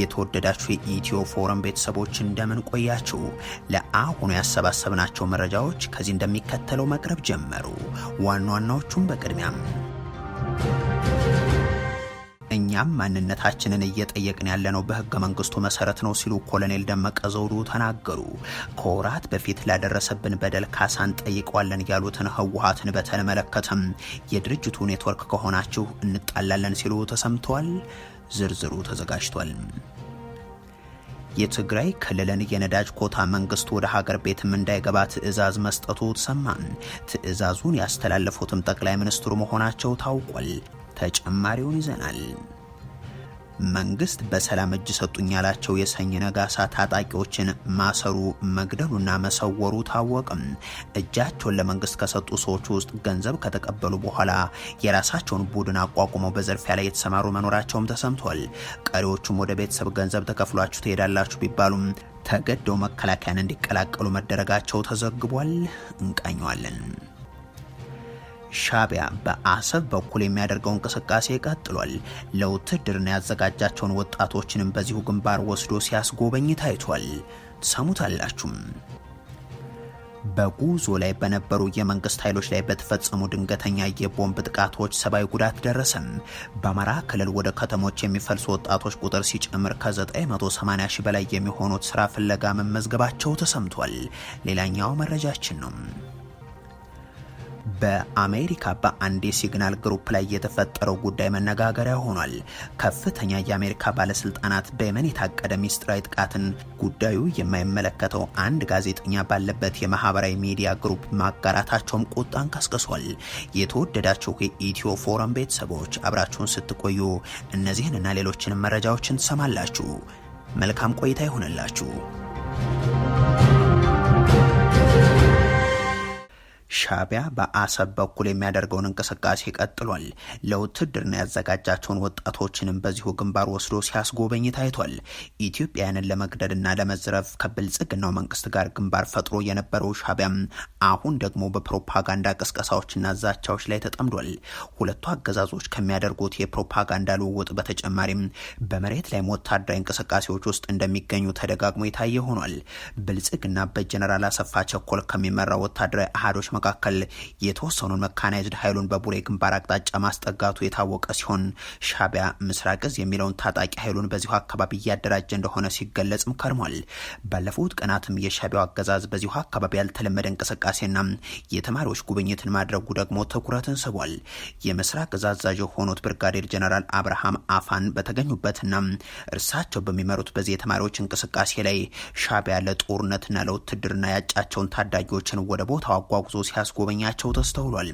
የተወደዳችሁ የኢትዮ ፎረም ቤተሰቦች እንደምን ቆያችሁ? ለአሁኑ ያሰባሰብናቸው መረጃዎች ከዚህ እንደሚከተለው መቅረብ ጀመሩ። ዋና ዋናዎቹም በቅድሚያም እኛም ማንነታችንን እየጠየቅን ያለነው በህገ መንግስቱ መሰረት ነው ሲሉ ኮሎኔል ደመቀ ዘውዱ ተናገሩ። ከወራት በፊት ላደረሰብን በደል ካሳን ጠይቀዋለን ያሉትን ህወሀትን በተመለከተም የድርጅቱ ኔትወርክ ከሆናችሁ እንጣላለን ሲሉ ተሰምተዋል። ዝርዝሩ ተዘጋጅቷል። የትግራይ ክልልን የነዳጅ ኮታ መንግስቱ ወደ ሀገር ቤትም እንዳይገባ ትዕዛዝ መስጠቱ ተሰማ። ትዕዛዙን ያስተላለፉትም ጠቅላይ ሚኒስትሩ መሆናቸው ታውቋል። ተጨማሪውን ይዘናል። መንግስት በሰላም እጅ ሰጡኝ ያላቸው የሰኝ ነጋሳ ታጣቂዎችን ማሰሩ መግደሉና መሰወሩ ታወቅም። እጃቸውን ለመንግስት ከሰጡ ሰዎች ውስጥ ገንዘብ ከተቀበሉ በኋላ የራሳቸውን ቡድን አቋቁመው በዘርፊያ ላይ የተሰማሩ መኖራቸውም ተሰምቷል። ቀሪዎቹም ወደ ቤተሰብ ገንዘብ ተከፍሏችሁ ትሄዳላችሁ ቢባሉም ተገደው መከላከያን እንዲቀላቀሉ መደረጋቸው ተዘግቧል። እንቃኘዋለን። ሻቢያ በአሰብ በኩል የሚያደርገው እንቅስቃሴ ቀጥሏል። ለውትድርና ያዘጋጃቸውን ወጣቶችንም በዚሁ ግንባር ወስዶ ሲያስጎበኝ ታይቷል። ሰሙታላችሁም። በጉዞ ላይ በነበሩ የመንግስት ኃይሎች ላይ በተፈጸሙ ድንገተኛ የቦምብ ጥቃቶች ሰብአዊ ጉዳት ደረሰም። በአማራ ክልል ወደ ከተሞች የሚፈልሱ ወጣቶች ቁጥር ሲጨምር ከ980 ሺህ በላይ የሚሆኑት ስራ ፍለጋ መመዝገባቸው ተሰምቷል። ሌላኛው መረጃችን ነው። በአሜሪካ በአንድ የሲግናል ግሩፕ ላይ የተፈጠረው ጉዳይ መነጋገሪያ ሆኗል። ከፍተኛ የአሜሪካ ባለስልጣናት በየመን የታቀደ ሚስጥራዊ ጥቃትን ጉዳዩ የማይመለከተው አንድ ጋዜጠኛ ባለበት የማህበራዊ ሚዲያ ግሩፕ ማጋራታቸውም ቁጣን ቀስቅሷል። የተወደዳቸው የኢትዮ ፎረም ቤተሰቦች አብራችሁን ስትቆዩ እነዚህንና ሌሎችንም መረጃዎችን ትሰማላችሁ። መልካም ቆይታ ይሆንላችሁ። ሻቢያ በአሰብ በኩል የሚያደርገውን እንቅስቃሴ ቀጥሏል። ለውትድርና ያዘጋጃቸውን ወጣቶችንም በዚሁ ግንባር ወስዶ ሲያስጎበኝ ታይቷል። ኢትዮጵያውያንን ለመግደልና ለመዝረፍ ከብልጽግናው መንግስት ጋር ግንባር ፈጥሮ የነበረው ሻቢያ አሁን ደግሞ በፕሮፓጋንዳ ቅስቀሳዎችና ዛቻዎች ላይ ተጠምዷል። ሁለቱ አገዛዞች ከሚያደርጉት የፕሮፓጋንዳ ልውውጥ በተጨማሪም በመሬት ላይም ወታደራዊ እንቅስቃሴዎች ውስጥ እንደሚገኙ ተደጋግሞ የታየ ሆኗል። ብልጽግና በጀኔራል አሰፋ ቸኮል ከሚመራው ወታደራዊ አሃዶች መካከል የተወሰኑን መካናይዝድ ኃይሉን በቡሬ ግንባር አቅጣጫ ማስጠጋቱ የታወቀ ሲሆን ሻቢያ ምስራቅ እዝ የሚለውን ታጣቂ ኃይሉን በዚሁ አካባቢ እያደራጀ እንደሆነ ሲገለጽም ከርሟል። ባለፉት ቀናትም የሻቢያው አገዛዝ በዚሁ አካባቢ ያልተለመደ እንቅስቃሴና የተማሪዎች ጉብኝትን ማድረጉ ደግሞ ትኩረትን ስቧል። የምስራቅ እዝ አዛዥ የሆኑት ብርጋዴር ጀነራል አብርሃም አፋን በተገኙበትና እርሳቸው በሚመሩት በዚህ የተማሪዎች እንቅስቃሴ ላይ ሻቢያ ለጦርነትና ለውትድርና ያጫቸውን ታዳጊዎችን ወደ ቦታው አጓጉዞ ሲያስጎበኛቸው ተስተውሏል።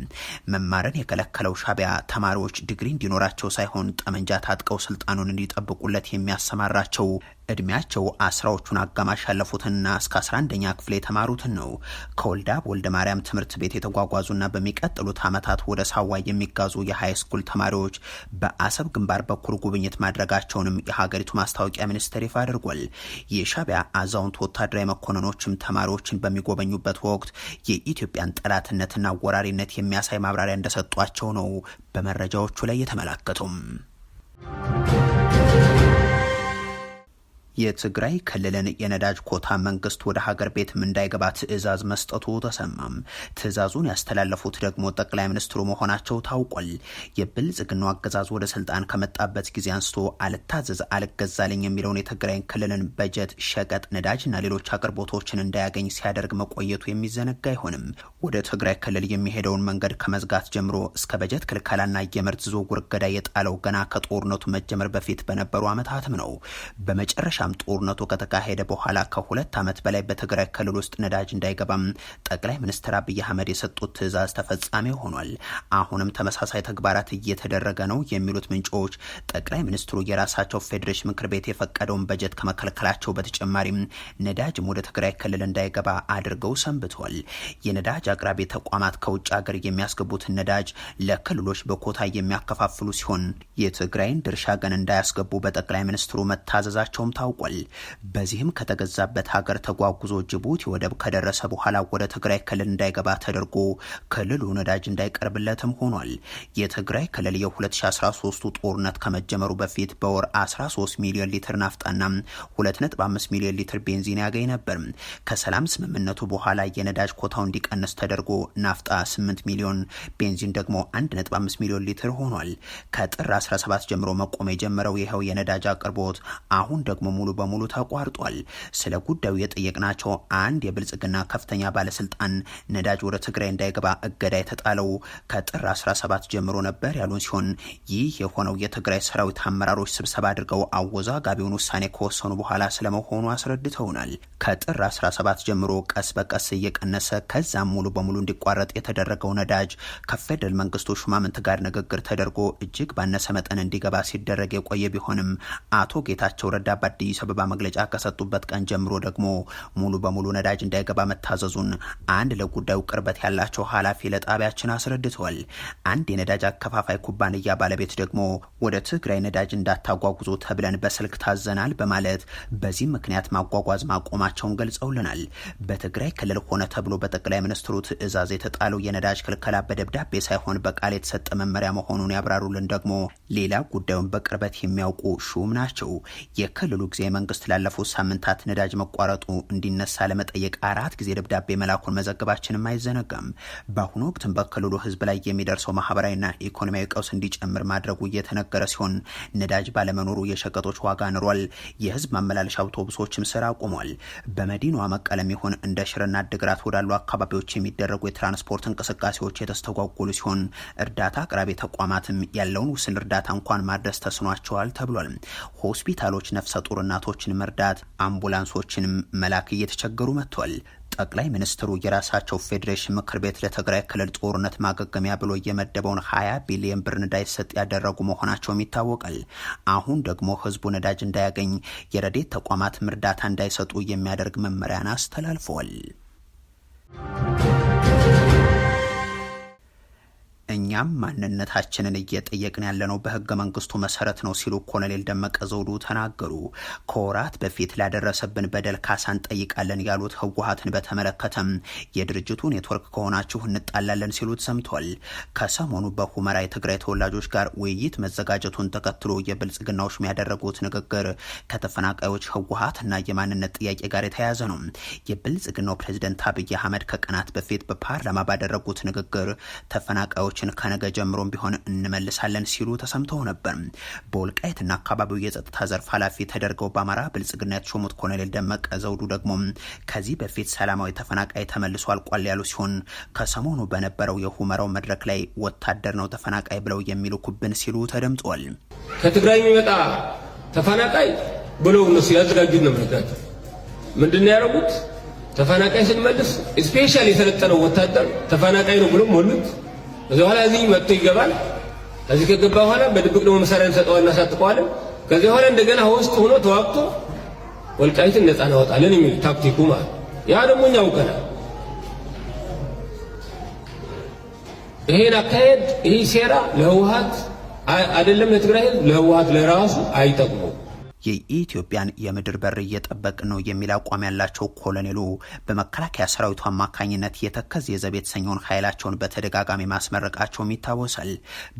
መማርን የከለከለው ሻቢያ ተማሪዎች ዲግሪ እንዲኖራቸው ሳይሆን ጠመንጃ ታጥቀው ስልጣኑን እንዲጠብቁለት የሚያሰማራቸው እድሜያቸው አስራዎቹን አጋማሽ ያለፉትና እስከ 11ኛ ክፍል የተማሩትን ነው። ከወልዳ ወልደ ማርያም ትምህርት ቤት የተጓጓዙና በሚቀጥሉት ዓመታት ወደ ሳዋ የሚጋዙ የሃይ ስኩል ተማሪዎች በአሰብ ግንባር በኩል ጉብኝት ማድረጋቸውንም የሀገሪቱ ማስታወቂያ ሚኒስቴር ይፋ አድርጓል። የሻቢያ አዛውንት ወታደራዊ መኮንኖችም ተማሪዎችን በሚጎበኙበት ወቅት የኢትዮጵያን ጠላትነትና ወራሪነት የሚያሳይ ማብራሪያ እንደሰጧቸው ነው በመረጃዎቹ ላይ የተመላከቱም የትግራይ ክልልን የነዳጅ ኮታ መንግስት ወደ ሀገር ቤትም እንዳይገባ ትዕዛዝ መስጠቱ ተሰማም። ትዕዛዙን ያስተላለፉት ደግሞ ጠቅላይ ሚኒስትሩ መሆናቸው ታውቋል። የብልጽግናው አገዛዝ ወደ ስልጣን ከመጣበት ጊዜ አንስቶ አልታዘዝ አልገዛልኝ የሚለውን የትግራይን ክልልን በጀት፣ ሸቀጥ፣ ነዳጅ እና ሌሎች አቅርቦቶችን እንዳያገኝ ሲያደርግ መቆየቱ የሚዘነጋ አይሆንም። ወደ ትግራይ ክልል የሚሄደውን መንገድ ከመዝጋት ጀምሮ እስከ በጀት ክልከላና የምርት ዝውውር እገዳ የጣለው ገና ከጦርነቱ መጀመር በፊት በነበሩ ዓመታትም ነው። በመጨረሻ በመጨረሻም ጦርነቱ ከተካሄደ በኋላ ከሁለት ዓመት በላይ በትግራይ ክልል ውስጥ ነዳጅ እንዳይገባም ጠቅላይ ሚኒስትር አብይ አህመድ የሰጡት ትዕዛዝ ተፈጻሚ ሆኗል። አሁንም ተመሳሳይ ተግባራት እየተደረገ ነው የሚሉት ምንጮች ጠቅላይ ሚኒስትሩ የራሳቸው ፌዴሬሽን ምክር ቤት የፈቀደውን በጀት ከመከልከላቸው በተጨማሪም ነዳጅም ወደ ትግራይ ክልል እንዳይገባ አድርገው ሰንብቷል። የነዳጅ አቅራቢ ተቋማት ከውጭ ሀገር የሚያስገቡትን ነዳጅ ለክልሎች በኮታ የሚያከፋፍሉ ሲሆን የትግራይን ድርሻ ግን እንዳያስገቡ በጠቅላይ ሚኒስትሩ መታዘዛቸውም ታው ታውቋል። በዚህም ከተገዛበት ሀገር ተጓጉዞ ጅቡቲ ወደብ ከደረሰ በኋላ ወደ ትግራይ ክልል እንዳይገባ ተደርጎ ክልሉ ነዳጅ እንዳይቀርብለትም ሆኗል። የትግራይ ክልል የ 2013 ጦርነት ከመጀመሩ በፊት በወር 13 ሚሊዮን ሊትር ናፍጣና 2.5 ሚሊዮን ሊትር ቤንዚን ያገኝ ነበር። ከሰላም ስምምነቱ በኋላ የነዳጅ ኮታው እንዲቀንስ ተደርጎ ናፍጣ 8 ሚሊዮን ቤንዚን ደግሞ 1.5 ሚሊዮን ሊትር ሆኗል። ከጥር 17 ጀምሮ መቆም የጀመረው ይኸው የነዳጅ አቅርቦት አሁን ደግሞ ሙሉ በሙሉ ተቋርጧል። ስለ ጉዳዩ የጠየቅናቸው አንድ የብልጽግና ከፍተኛ ባለስልጣን ነዳጅ ወደ ትግራይ እንዳይገባ እገዳ የተጣለው ከጥር 17 ጀምሮ ነበር ያሉን ሲሆን ይህ የሆነው የትግራይ ሰራዊት አመራሮች ስብሰባ አድርገው አወዛጋቢውን ውሳኔ ከወሰኑ በኋላ ስለመሆኑ አስረድተውናል። ከጥር 17 ጀምሮ ቀስ በቀስ እየቀነሰ ከዛም ሙሉ በሙሉ እንዲቋረጥ የተደረገው ነዳጅ ከፌደራል መንግስቱ ሹማምንት ጋር ንግግር ተደርጎ እጅግ ባነሰ መጠን እንዲገባ ሲደረግ የቆየ ቢሆንም አቶ ጌታቸው ረዳ በአዲስ ሰበባ አበባ መግለጫ ከሰጡበት ቀን ጀምሮ ደግሞ ሙሉ በሙሉ ነዳጅ እንዳይገባ መታዘዙን አንድ ለጉዳዩ ቅርበት ያላቸው ኃላፊ ለጣቢያችን አስረድተዋል። አንድ የነዳጅ አከፋፋይ ኩባንያ ባለቤት ደግሞ ወደ ትግራይ ነዳጅ እንዳታጓጉዞ ተብለን በስልክ ታዘናል በማለት በዚህም ምክንያት ማጓጓዝ ማቆማቸውን ገልጸውልናል። በትግራይ ክልል ሆነ ተብሎ በጠቅላይ ሚኒስትሩ ትዕዛዝ የተጣለው የነዳጅ ክልከላ በደብዳቤ ሳይሆን በቃል የተሰጠ መመሪያ መሆኑን ያብራሩልን ደግሞ ሌላ ጉዳዩን በቅርበት የሚያውቁ ሹም ናቸው። የክልሉ ጊዜ ጊዜ መንግስት ላለፉት ሳምንታት ነዳጅ መቋረጡ እንዲነሳ ለመጠየቅ አራት ጊዜ ደብዳቤ መላኩን መዘገባችንም አይዘነጋም። በአሁኑ ወቅትም በክልሉ ህዝብ ላይ የሚደርሰው ማህበራዊና ኢኮኖሚያዊ ቀውስ እንዲጨምር ማድረጉ እየተነገረ ሲሆን ነዳጅ ባለመኖሩ የሸቀጦች ዋጋ ንሯል። የህዝብ ማመላለሻ አውቶቡሶችም ስራ አቁሟል። በመዲናዋ መቀለም ይሁን እንደ ሽርና ድግራት ወዳሉ አካባቢዎች የሚደረጉ የትራንስፖርት እንቅስቃሴዎች የተስተጓጎሉ ሲሆን እርዳታ አቅራቢ ተቋማትም ያለውን ውስን እርዳታ እንኳን ማድረስ ተስኗቸዋል ተብሏል። ሆስፒታሎች ነፍሰ ጡርና እናቶችን መርዳት፣ አምቡላንሶችን መላክ እየተቸገሩ መጥቷል። ጠቅላይ ሚኒስትሩ የራሳቸው ፌዴሬሽን ምክር ቤት ለትግራይ ክልል ጦርነት ማገገሚያ ብሎ የመደበውን 20 ቢሊዮን ብር እንዳይሰጥ ያደረጉ መሆናቸውም ይታወቃል። አሁን ደግሞ ህዝቡ ነዳጅ እንዳያገኝ የረዴት ተቋማት እርዳታ እንዳይሰጡ የሚያደርግ መመሪያን አስተላልፈዋል። እኛም ማንነታችንን እየጠየቅን ያለነው በህገ መንግስቱ መሰረት ነው ሲሉ ኮሎኔል ደመቀ ዘውዱ ተናገሩ። ከወራት በፊት ላደረሰብን በደል ካሳ እንጠይቃለን ያሉት ህወሀትን በተመለከተም የድርጅቱ ኔትወርክ ከሆናችሁ እንጣላለን ሲሉ ተሰምቷል። ከሰሞኑ በሁመራ የትግራይ ተወላጆች ጋር ውይይት መዘጋጀቱን ተከትሎ የብልጽግናዎች የሚያደረጉት ንግግር ከተፈናቃዮች ህወሀትና የማንነት ጥያቄ ጋር የተያያዘ ነው። የብልጽግናው ፕሬዚደንት አብይ አህመድ ከቀናት በፊት በፓርላማ ባደረጉት ንግግር ተፈናቃዮች ጥያቄዎችን ከነገ ጀምሮም ቢሆን እንመልሳለን ሲሉ ተሰምተው ነበር። በወልቃይትና አካባቢው የጸጥታ ዘርፍ ኃላፊ ተደርገው በአማራ ብልጽግና የተሾሙት ኮሎኔል ደመቀ ዘውዱ ደግሞ ከዚህ በፊት ሰላማዊ ተፈናቃይ ተመልሶ አልቋል ያሉ ሲሆን ከሰሞኑ በነበረው የሁመራው መድረክ ላይ ወታደር ነው ተፈናቃይ ብለው የሚልኩብን ሲሉ ተደምጧል። ከትግራይ የሚመጣ ተፈናቃይ ብለው እነሱ ያዘጋጁ ነው ምክንያቱ ምንድን ነው ያደረጉት? ተፈናቃይ ስንመልስ ስፔሻል የሰለጠነው ወታደር ተፈናቃይ ነው ብሎ ሞሉት። እዚ በኋላ እዚህ መጥቶ ይገባል። እዚህ ከገባ በኋላ በድብቅ ደግሞ መሳሪያ እንሰጠዋለን፣ እናሳጥቀዋለን። ከዚህ በኋላ እንደገና ውስጥ ሆኖ ተዋግቶ ወልቃይትን ነፃ እናወጣለን የሚል ታክቲኩ ማለት ያ ደግሞ እኛ አውቀናል። ይሄን አካሄድ ይሄ ሴራ ለህወሀት አይደለም ለትግራይ ህዝብ፣ ለህወሀት ለራሱ አይጠቅሙም። የኢትዮጵያን የምድር በር እየጠበቅ ነው የሚል አቋም ያላቸው ኮሎኔሉ በመከላከያ ሰራዊቱ አማካኝነት የተከዝ የዘብ የተሰኘውን ኃይላቸውን በተደጋጋሚ ማስመረቃቸውም ይታወሳል።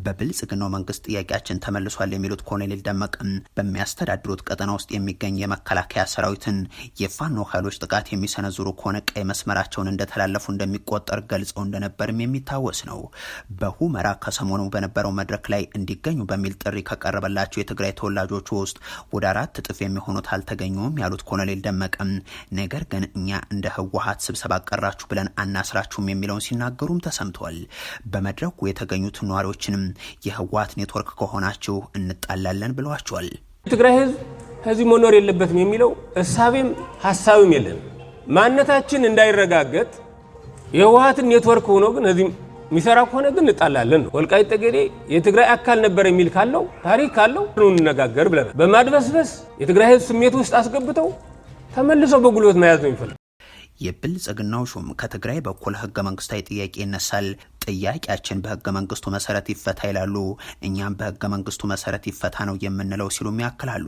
በብልጽግናው መንግስት ጥያቄያችን ተመልሷል የሚሉት ኮሎኔል ደመቀም በሚያስተዳድሩት ቀጠና ውስጥ የሚገኝ የመከላከያ ሰራዊትን የፋኖ ኃይሎች ጥቃት የሚሰነዝሩ ከሆነ ቀይ መስመራቸውን እንደተላለፉ እንደሚቆጠር ገልጸው እንደነበርም የሚታወስ ነው። በሁመራ ከሰሞኑ በነበረው መድረክ ላይ እንዲገኙ በሚል ጥሪ ከቀረበላቸው የትግራይ ተወላጆች ውስጥ ወደ አራት እጥፍ የሚሆኑት አልተገኙም ያሉት ኮሎኔል ደመቀም ነገር ግን እኛ እንደ ህወሀት ስብሰባ ቀራችሁ ብለን አናስራችሁም የሚለውን ሲናገሩም ተሰምቷል። በመድረኩ የተገኙት ነዋሪዎችንም የህወሀት ኔትወርክ ከሆናችሁ እንጣላለን ብለዋቸዋል። የትግራይ ህዝብ ከዚህ መኖር የለበትም የሚለው እሳቤም ሀሳብም የለንም። ማንነታችን እንዳይረጋገጥ የህወሀትን ኔትወርክ ሆኖ ግን የሚሰራ ከሆነ ግን እንጣላለን ነው። ወልቃይት ጠገዴ የትግራይ አካል ነበር የሚል ካለው ታሪክ ካለው እንነጋገር ብለናል። በማድበስበስ የትግራይ ህዝብ ስሜት ውስጥ አስገብተው ተመልሰው በጉልበት መያዝ ነው የሚፈልግ የብልጽግናው ሹም ከትግራይ በኩል ህገ መንግስታዊ ጥያቄ ይነሳል። ጥያቄያችን በህገ መንግስቱ መሰረት ይፈታ ይላሉ። እኛም በህገ መንግስቱ መሰረት ይፈታ ነው የምንለው ሲሉም ያክላሉ።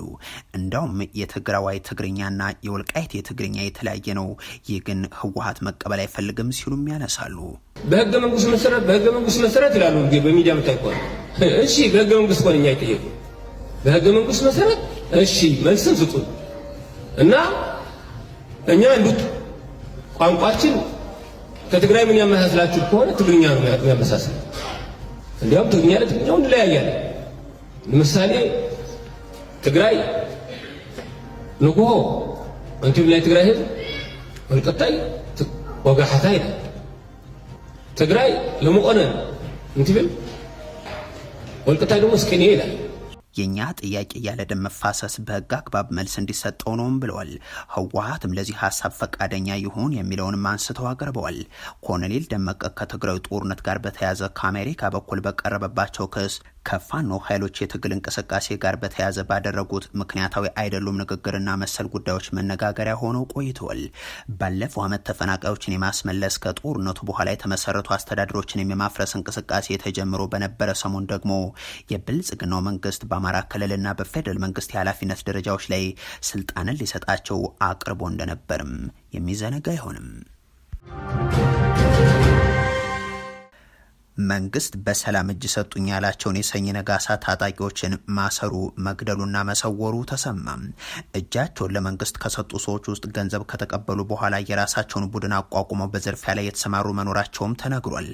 እንዳውም የትግራዋይ ትግርኛና የወልቃይት የትግርኛ የተለያየ ነው። ይህ ግን ህወሀት መቀበል አይፈልግም ሲሉም ያነሳሉ። በህገ መንግስት መሰረት በህገ መንግስት መሰረት ይላሉ እንግዲህ በሚዲያ የምታይ እሺ፣ በህገ መንግስት ቆንኛ አይጠየቁ በህገ መንግስት መሰረት እሺ፣ መልስን ስጡ እና እኛ እንዱት ቋንቋችን ከትግራይ ምን ያመሳስላችሁ ከሆነ ትግርኛ ነው የሚያመሳስል። እንዲያውም ትግርኛ ለትግርኛው እንለያያለን። ለምሳሌ ትግራይ ንጉሆ እንቲም ላይ ትግራይ ህዝብ ወልቀታይ ወጋሓታ ይላል ትግራይ ለመቆነን እንትብል ወልቅታይ ደግሞ እስከኔ ይላል የእኛ ጥያቄ ያለ ደም መፋሰስ በህግ አግባብ መልስ እንዲሰጠው ነውም ብለዋል። ህወሀትም ለዚህ ሀሳብ ፈቃደኛ ይሁን የሚለውንም አንስተው አቅርበዋል። ኮሎኔል ደመቀ ከትግራዊ ጦርነት ጋር በተያያዘ ከአሜሪካ በኩል በቀረበባቸው ክስ ከፋኖ ኃይሎች የትግል እንቅስቃሴ ጋር በተያያዘ ባደረጉት ምክንያታዊ አይደሉም ንግግርና መሰል ጉዳዮች መነጋገሪያ ሆነው ቆይተዋል። ባለፈው ዓመት ተፈናቃዮችን የማስመለስ ከጦርነቱ በኋላ የተመሰረቱ አስተዳደሮችን የማፍረስ እንቅስቃሴ ተጀምሮ በነበረ ሰሞን ደግሞ የብልጽግናው መንግስት በአማራ ክልልና በፌደራል መንግስት የኃላፊነት ደረጃዎች ላይ ስልጣንን ሊሰጣቸው አቅርቦ እንደነበርም የሚዘነጋ አይሆንም። መንግስት በሰላም እጅ ሰጡኝ ያላቸውን የሰኝ ነጋሳ ታጣቂዎችን ማሰሩ መግደሉና መሰወሩ ተሰማ። እጃቸውን ለመንግስት ከሰጡ ሰዎች ውስጥ ገንዘብ ከተቀበሉ በኋላ የራሳቸውን ቡድን አቋቁመው በዝርፊያ ላይ የተሰማሩ መኖራቸውም ተነግሯል።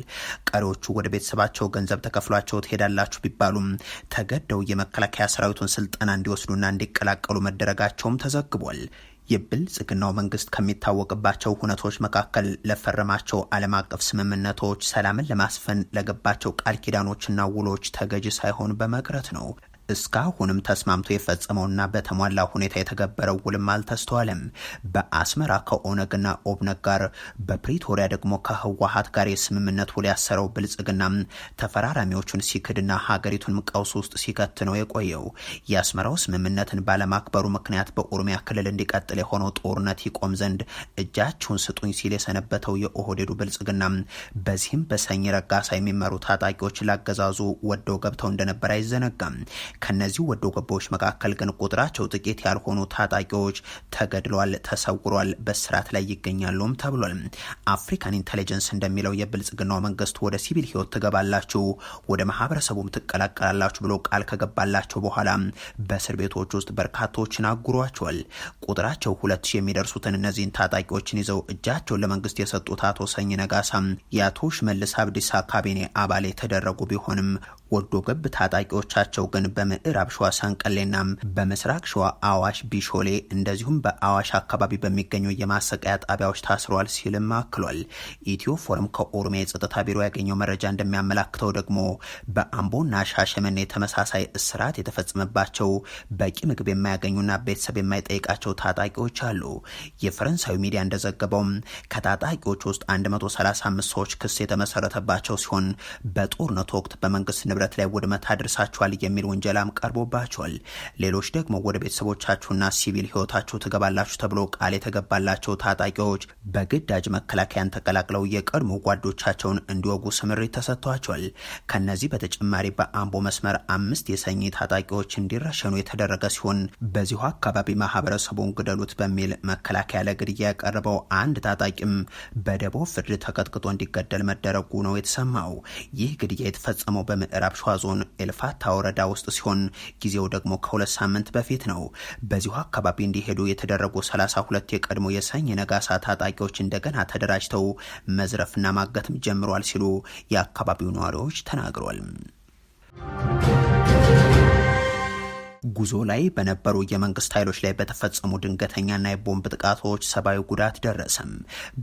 ቀሪዎቹ ወደ ቤተሰባቸው ገንዘብ ተከፍሏቸው ትሄዳላችሁ ቢባሉም ተገደው የመከላከያ ሰራዊቱን ስልጠና እንዲወስዱና እንዲቀላቀሉ መደረጋቸውም ተዘግቧል። የብልጽግናው መንግስት ከሚታወቅባቸው ሁነቶች መካከል ለፈረማቸው ዓለም አቀፍ ስምምነቶች፣ ሰላምን ለማስፈን ለገባቸው ቃል ኪዳኖችና ውሎች ተገዥ ሳይሆን በመቅረት ነው። እስካሁንም ተስማምቶ የፈጸመውና በተሟላ ሁኔታ የተገበረው ውልም አልተስተዋለም። በአስመራ ከኦነግና ኦብነግ ጋር፣ በፕሪቶሪያ ደግሞ ከህወሀት ጋር የስምምነት ውል ያሰረው ብልጽግና ተፈራራሚዎቹን ሲክድና ሀገሪቱን ቀውስ ውስጥ ሲከት ነው የቆየው። የአስመራው ስምምነትን ባለማክበሩ ምክንያት በኦሮሚያ ክልል እንዲቀጥል የሆነው ጦርነት ይቆም ዘንድ እጃችሁን ስጡኝ ሲል የሰነበተው የኦህዴዱ ብልጽግና በዚህም በሰኝ ረጋሳ የሚመሩ ታጣቂዎች ላገዛዙ ወደው ገብተው እንደነበር አይዘነጋም። ከነዚህ ወዶ ገባዎች መካከል ግን ቁጥራቸው ጥቂት ያልሆኑ ታጣቂዎች ተገድለዋል፣ ተሰውሯል፣ በስርዓት ላይ ይገኛሉም ተብሏል። አፍሪካን ኢንቴሊጀንስ እንደሚለው የብልጽግናው መንግስት ወደ ሲቪል ህይወት ትገባላችሁ፣ ወደ ማህበረሰቡም ትቀላቀላላችሁ ብሎ ቃል ከገባላቸው በኋላ በእስር ቤቶች ውስጥ በርካቶችን አጉሯቸዋል። ቁጥራቸው ሁለት ሺህ የሚደርሱትን እነዚህን ታጣቂዎችን ይዘው እጃቸውን ለመንግስት የሰጡት አቶ ሰኝ ነጋሳ የአቶ ሽመልስ አብዲሳ ካቢኔ አባል የተደረጉ ቢሆንም ወዶ ገብ ታጣቂዎቻቸው ግን በምዕራብ ሸዋ ሳንቀሌና በምስራቅ ሸዋ አዋሽ ቢሾሌ እንደዚሁም በአዋሽ አካባቢ በሚገኙ የማሰቃያ ጣቢያዎች ታስረዋል ሲልም አክሏል። ኢትዮ ፎረም ከኦሮሚያ የጸጥታ ቢሮ ያገኘው መረጃ እንደሚያመላክተው ደግሞ በአምቦና ሻሸመኔ ተመሳሳይ እስራት የተፈጸመባቸው በቂ ምግብ የማያገኙና ቤተሰብ የማይጠይቃቸው ታጣቂዎች አሉ። የፈረንሳዊ ሚዲያ እንደዘገበውም ከታጣቂዎች ውስጥ 135 ሰዎች ክስ የተመሰረተባቸው ሲሆን በጦርነቱ ወቅት በመንግስት ንብረ ንብረት ላይ ውድመት አድርሳችኋል የሚል ውንጀላም ቀርቦባቸዋል። ሌሎች ደግሞ ወደ ቤተሰቦቻችሁና ሲቪል ህይወታችሁ ትገባላችሁ ተብሎ ቃል የተገባላቸው ታጣቂዎች በግዳጅ መከላከያን ተቀላቅለው የቀድሞ ጓዶቻቸውን እንዲወጉ ስምሪት ተሰጥቷቸዋል። ከነዚህ በተጨማሪ በአምቦ መስመር አምስት የሰኝ ታጣቂዎች እንዲረሸኑ የተደረገ ሲሆን በዚሁ አካባቢ ማህበረሰቡን ግደሉት በሚል መከላከያ ለግድያ ያቀረበው አንድ ታጣቂም በደቦ ፍርድ ተቀጥቅጦ እንዲገደል መደረጉ ነው የተሰማው። ይህ ግድያ የተፈጸመው በምዕራብ ምዕራብ ሸዋ ዞን ኤልፋታ ወረዳ ውስጥ ሲሆን ጊዜው ደግሞ ከሁለት ሳምንት በፊት ነው። በዚሁ አካባቢ እንዲሄዱ የተደረጉ 32 የቀድሞ የሰኝ ነጋሳ ታጣቂዎች እንደገና ተደራጅተው መዝረፍና ማገትም ጀምሯል ሲሉ የአካባቢው ነዋሪዎች ተናግሯል። ጉዞ ላይ በነበሩ የመንግስት ኃይሎች ላይ በተፈጸሙ ድንገተኛና የቦምብ ጥቃቶች ሰብአዊ ጉዳት ደረሰም።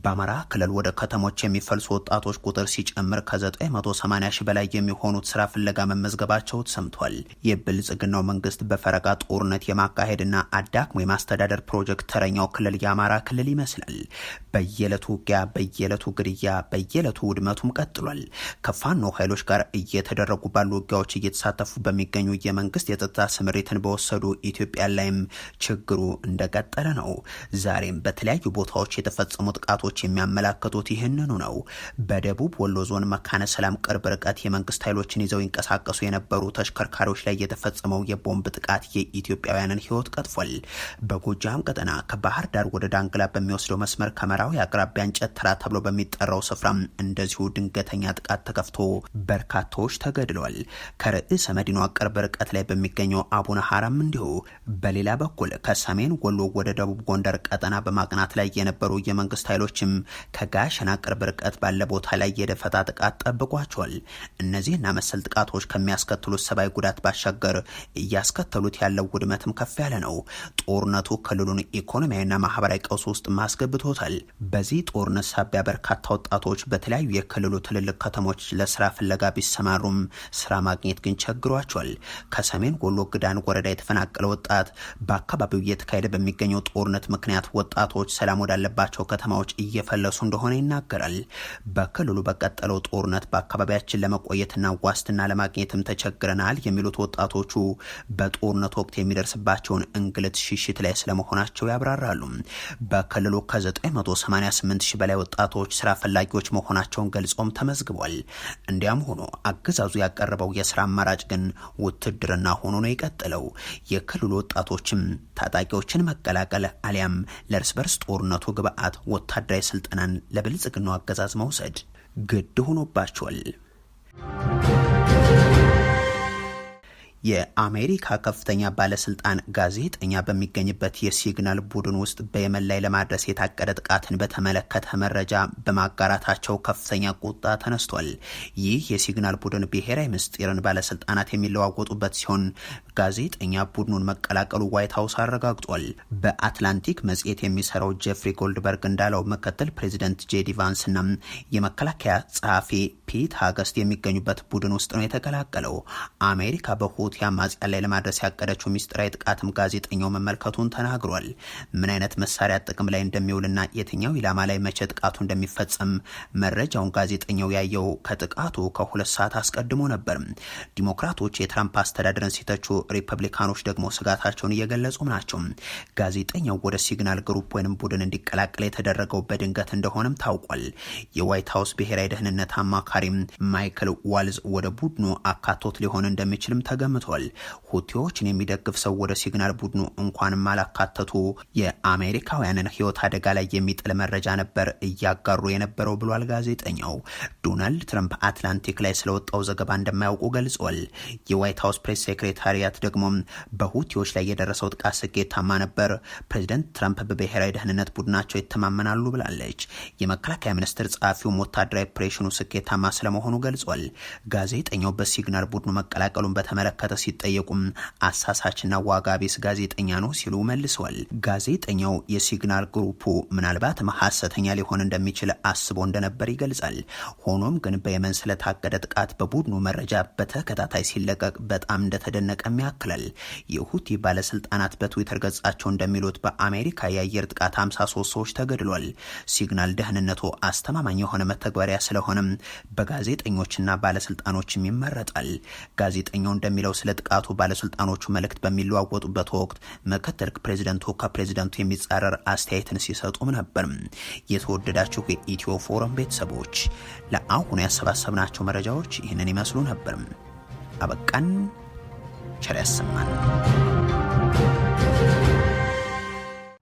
በአማራ ክልል ወደ ከተሞች የሚፈልሱ ወጣቶች ቁጥር ሲጨምር ከ980 ሺህ በላይ የሚሆኑት ስራ ፍለጋ መመዝገባቸው ተሰምቷል። የብልጽግናው መንግስት በፈረቃ ጦርነት የማካሄድና አዳክሞ የማስተዳደር ፕሮጀክት ተረኛው ክልል የአማራ ክልል ይመስላል። በየዕለቱ ውጊያ፣ በየዕለቱ ግድያ፣ በየዕለቱ ውድመቱም ቀጥሏል። ከፋኖ ኃይሎች ጋር እየተደረጉ ባሉ ውጊያዎች እየተሳተፉ በሚገኙ የመንግስት የጸጥታ ስምሪት መሬትን በወሰዱ ኢትዮጵያ ላይም ችግሩ እንደቀጠለ ነው። ዛሬም በተለያዩ ቦታዎች የተፈጸሙ ጥቃቶች የሚያመላክቱት ይህንኑ ነው። በደቡብ ወሎ ዞን መካነ ሰላም ቅርብ ርቀት የመንግስት ኃይሎችን ይዘው ይንቀሳቀሱ የነበሩ ተሽከርካሪዎች ላይ የተፈጸመው የቦምብ ጥቃት የኢትዮጵያውያንን ህይወት ቀጥፏል። በጎጃም ቀጠና ከባህር ዳር ወደ ዳንግላ በሚወስደው መስመር ከመራዊ አቅራቢያ እንጨት ተራ ተብሎ በሚጠራው ስፍራም እንደዚሁ ድንገተኛ ጥቃት ተከፍቶ በርካታዎች ተገድለዋል። ከርዕሰ መዲኗ ቅርብ ርቀት ላይ በሚገኘው አቡነ አቡነ ሀራም እንዲሁ። በሌላ በኩል ከሰሜን ወሎ ወደ ደቡብ ጎንደር ቀጠና በማቅናት ላይ የነበሩ የመንግስት ኃይሎችም ከጋሸና ቅርብ ርቀት ባለ ቦታ ላይ የደፈጣ ጥቃት ጠብቋቸዋል። እነዚህና መሰል ጥቃቶች ከሚያስከትሉት ሰብአዊ ጉዳት ባሻገር እያስከተሉት ያለው ውድመትም ከፍ ያለ ነው። ጦርነቱ ክልሉን ኢኮኖሚያዊና ማህበራዊ ቀውስ ውስጥ ማስገብቶታል። በዚህ ጦርነት ሳቢያ በርካታ ወጣቶች በተለያዩ የክልሉ ትልልቅ ከተሞች ለስራ ፍለጋ ቢሰማሩም ስራ ማግኘት ግን ቸግሯቸዋል። ከሰሜን ወሎ ግዳን ወረዳ የተፈናቀለ ወጣት በአካባቢው እየተካሄደ በሚገኘው ጦርነት ምክንያት ወጣቶች ሰላም ወዳለባቸው ከተማዎች እየፈለሱ እንደሆነ ይናገራል። በክልሉ በቀጠለው ጦርነት በአካባቢያችን ለመቆየትና ዋስትና ለማግኘትም ተቸግረናል የሚሉት ወጣቶቹ በጦርነት ወቅት የሚደርስባቸውን እንግልት ሽሽት ላይ ስለመሆናቸው ያብራራሉ። በክልሉ ከ988 በላይ ወጣቶች ስራ ፈላጊዎች መሆናቸውን ገልጾም ተመዝግቧል። እንዲያም ሆኖ አገዛዙ ያቀረበው የስራ አማራጭ ግን ውትድርና ሆኖ ነው የቀጠለው። ያለው። የክልሉ ወጣቶችም ታጣቂዎችን መቀላቀል አሊያም ለእርስ በርስ ጦርነቱ ግብአት ወታደራዊ ስልጠናን ለብልጽግናው አገዛዝ መውሰድ ግድ ሆኖባቸዋል። የአሜሪካ ከፍተኛ ባለስልጣን ጋዜጠኛ በሚገኝበት የሲግናል ቡድን ውስጥ በየመን ላይ ለማድረስ የታቀደ ጥቃትን በተመለከተ መረጃ በማጋራታቸው ከፍተኛ ቁጣ ተነስቷል። ይህ የሲግናል ቡድን ብሔራዊ ምስጢርን ባለስልጣናት የሚለዋወጡበት ሲሆን ጋዜጠኛ ቡድኑን መቀላቀሉ ዋይት ሀውስ አረጋግጧል። በአትላንቲክ መጽሔት የሚሰራው ጄፍሪ ጎልድበርግ እንዳለው ምክትል ፕሬዚደንት ጄዲ ቫንስና የመከላከያ ጸሐፊ ፒት ሀገስት የሚገኙበት ቡድን ውስጥ ነው የተቀላቀለው አሜሪካ በሁ በሁቲ አማጽያን ላይ ለማድረስ ያቀደችው ሚስጥራዊ ጥቃትም ጋዜጠኛው መመልከቱን ተናግሯል። ምን አይነት መሳሪያ ጥቅም ላይ እንደሚውልና የትኛው ኢላማ ላይ መቼ ጥቃቱ እንደሚፈጸም መረጃውን ጋዜጠኛው ያየው ከጥቃቱ ከሁለት ሰዓት አስቀድሞ ነበር። ዲሞክራቶች የትራምፕ አስተዳደርን ሲተቹ፣ ሪፐብሊካኖች ደግሞ ስጋታቸውን እየገለጹም ናቸው። ጋዜጠኛው ወደ ሲግናል ግሩፕ ወይም ቡድን እንዲቀላቀል የተደረገው በድንገት እንደሆነም ታውቋል። የዋይት ሀውስ ብሔራዊ ደህንነት አማካሪም ማይክል ዋልዝ ወደ ቡድኑ አካቶት ሊሆን እንደሚችልም ተገምቷል። አስገምቷል። ሁቲዎችን የሚደግፍ ሰው ወደ ሲግናል ቡድኑ እንኳንም አላካተቱ የአሜሪካውያንን ህይወት አደጋ ላይ የሚጥል መረጃ ነበር እያጋሩ የነበረው ብሏል ጋዜጠኛው። ዶናልድ ትራምፕ አትላንቲክ ላይ ስለወጣው ዘገባ እንደማያውቁ ገልጿል። የዋይት ሀውስ ፕሬስ ሴክሬታሪያት ደግሞ በሁቲዎች ላይ የደረሰው ጥቃት ስኬታማ ነበር፣ ፕሬዚደንት ትራምፕ በብሔራዊ ደህንነት ቡድናቸው ይተማመናሉ ብላለች። የመከላከያ ሚኒስትር ጸሐፊውም ወታደራዊ ኦፕሬሽኑ ስኬታማ ስለመሆኑ ገልጿል። ጋዜጠኛው በሲግናል ቡድኑ መቀላቀሉን በተመለከተ በተመለከተ ሲጠየቁም አሳሳችና ዋጋ ጋዜጠኛ ነው ሲሉ መልሰዋል። ጋዜጠኛው የሲግናል ግሩፑ ምናልባት ሀሰተኛ ሊሆን እንደሚችል አስቦ እንደነበር ይገልጻል። ሆኖም ግን በየመን ስለታገደ ጥቃት በቡድኑ መረጃ በተከታታይ ሲለቀቅ በጣም እንደተደነቀም ያክላል። የሁቲ ባለስልጣናት በትዊተር ገጻቸው እንደሚሉት በአሜሪካ የአየር ጥቃት 53 ሰዎች ተገድሏል። ሲግናል ደህንነቱ አስተማማኝ የሆነ መተግበሪያ ስለሆነም በጋዜጠኞችና ባለስልጣኖችም ይመረጣል። ጋዜጠኛው እንደሚለው ስለ ጥቃቱ ባለስልጣኖቹ መልእክት በሚለዋወጡበት ወቅት ምክትል ፕሬዚደንቱ ከፕሬዚደንቱ የሚጻረር አስተያየትን ሲሰጡም ነበር። የተወደዳቸው የኢትዮ ፎረም ቤተሰቦች ለአሁኑ ያሰባሰብናቸው መረጃዎች ይህንን ይመስሉ ነበር። አበቃን። ቸር ያሰማን።